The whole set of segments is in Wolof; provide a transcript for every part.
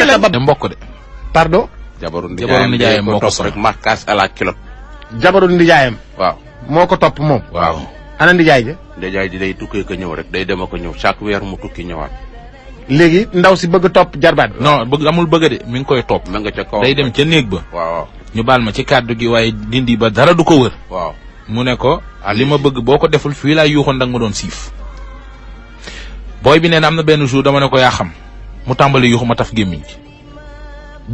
ci de mbokk de. pardon. jabaru nijaayam moo ko topp rek marquage nijaayam. waaw moo ko topp moom. waaw ana nijaay ja. nijaay ji day tukkee ko ñëw rek day dem ko ñëw chaque weer mu tukki ñëwaat. léegi ndaw si bëgg topp jarbaat no bëgg amul bëgg de mi ngi koy top ma nga ca kaw day dem ca néeg ba. waaw ñu baal ma ci kàddu gi waaye dindi ba dara du ko wër. waaw mu ne ko. li ma bëgg boo ko deful fii laay yuuxoon da ma doon siif. booy bi nee na am na benn jour dama ne ko yaa mu tàmbali yuuxu ma taf gémmiñ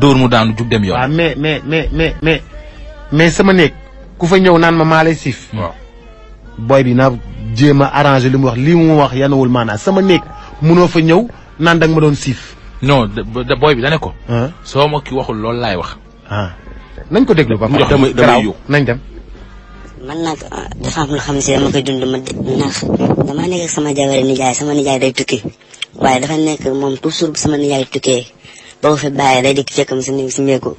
gi mu daanu jug dem yoon. waaw mais mais mais mais mais sama néeg ku fa ñëw naan ma maa lay siif. booy bi na jéem a arrangé li mu wax lii mu mu wax yanuwul maanaam sama néeg munoo fa ñëw naan da ma doon siif. non booy bi dane ko. soo ma ki waxul loolu laay wax. Ah. nañ ko déglu ba. jox damay nañ dem. man nag ah, dafa am loo xam ne si dama dund ma ndax damaa nekk ak sama jabar nijaay sama nijaay day tukki. waaye dafa nekk moom toujours bu sama nijaay tukkee ba ko fi bàyyee day dikk fekk mu si néeg si néegu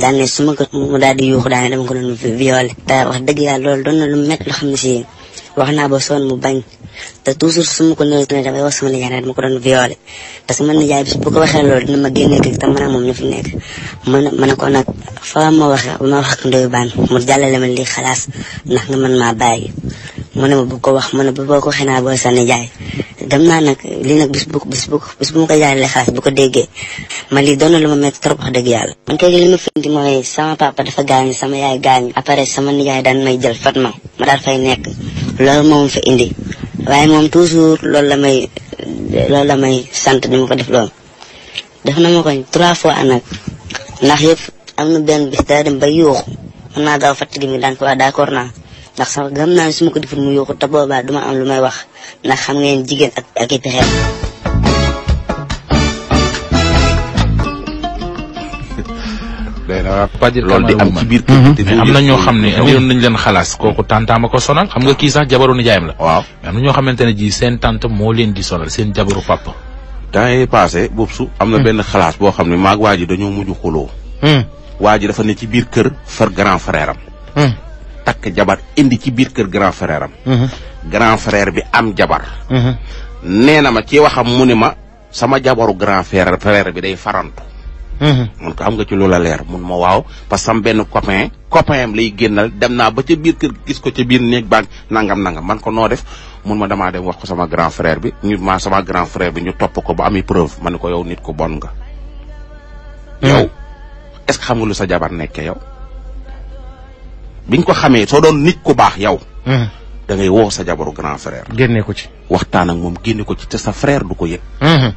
daan ne su ma ko mu daal di dama ko doon violé te wax dëgg yàlla loolu doon na lu métti loo xam ne si wax naa ba soon mu bañ te toujours su ko nëwee tuuti damay wax sama nijaay ne dama ko doon violé te sama nijaay bis bu ko waxee loolu dina ma génnee kër te mën a moom ñu fi ma ne ko nag faa ma wax ma wax ak baan mu jàllale ma lii xalaas ndax nga mën maa mu ne ma bu ko wax mu ne bu boo ko waxee naa booy sa nijaay dem naa nag lii nag bis bu bis bu bis bu ma ko jaaralee déggee ma lii doon na lu ma métti trop wax dëgg yàlla. man tey li ma fi indi mooy sama papa dafa gaañu sama yaay gaañu. après sama nijaay daan may jël Fatma ma daal fay nekk loolu moom fa indi waaye moom toujours loolu la may loolu la may sant ni ma ko def loolu. def na ma ko trois fois an nag ndax yëpp am na benn bis daa dem ba yuuxu mën naa daaw fàttali mi daan ko wax d'accord naa. ndax sax gam naa su ko deful mu yuuxu te boobaa duma am lumay wax ndax xam ngeen jigen ak ak i pexeem lool di am ci bir kër te mhm. am na ñoo xam ne indiloon nañ leen xalas koku tantaama ko sonal xam nga ki sax jabaru ni nijaayam la waaw am na ñoo xamante ji sen tante mo leen di sonal sen jabaru papa tay passé boobu amna ben na bo xamni mag waji dañu muju xulo hmm waji hmm. dafa ne ci bir keur far grand frère am hmm Tak jabar indi ci bir kër grand frère am mhm. grand frère bi am jabar mhm. neena ma ci waxam munima sama jabaru grand frère frère bi day farantu mon mhm. ko am nga ci loola leer mun ma waw parce sam ben copain copain lay gennal dem na ba ci bir kër gis ko ci bir néeg bank nangam nangam man ko no def mun ma dama dem wax ko sama grand frère bi ñu ma sama grand frère bi ñu top ko ba ami preuve man ko yow nit ko bon nga yow est ce xam nga lu sa jabar nekke yow biñ ko xamee soo doon nit ko baax yow. Hmm. da ngay woo sa jabaru grand frère. génne ko ci waxtaan ak moom génne ko ci te sa frère du ko yëg. Hmm.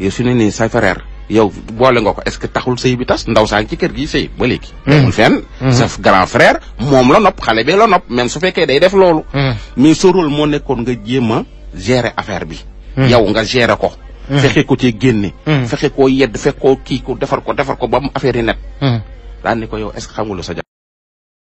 yow su ne nii sa frère. yow boole nga ko est-ce que taxul sëy bi tas ndaw saa ngi ci kër gi say ba léegi. Hmm. demul fenn. sa grand frère moom la nopp xale bi la nopp même su fekkee day def loolu. mais sa rôle moo nekkoon nga jéem a gérer affaire bi. yow nga gérer ko. fexe ko ci génne. fexe koo yedd fexe koo kii ko defar ko defar ko ba mu affaire yi net. daan ni ko yow est-ce que xamul sa